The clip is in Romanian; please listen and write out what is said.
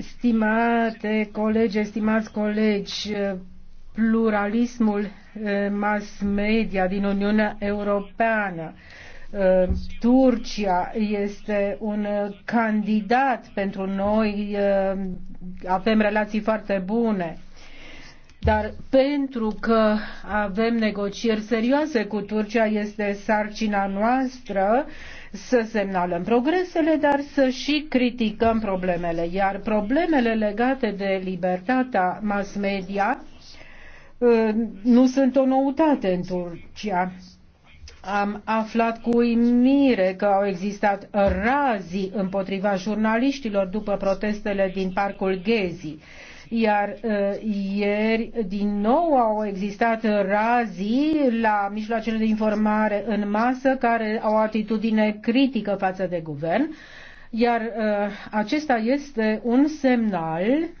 Stimate colegi, stimați colegi, pluralismul eh, mass media din Uniunea Europeană. Eh, Turcia este un candidat pentru noi, eh, avem relații foarte bune. Dar pentru că avem negocieri serioase cu Turcia, este sarcina noastră să semnalăm progresele, dar să și criticăm problemele. Iar problemele legate de libertatea mass media ă, nu sunt o noutate în Turcia. Am aflat cu uimire că au existat razii împotriva jurnaliștilor după protestele din parcul Gezi. Iar uh, ieri din nou au existat razii la mijloacele de informare în masă care au o atitudine critică față de guvern. Iar uh, acesta este un semnal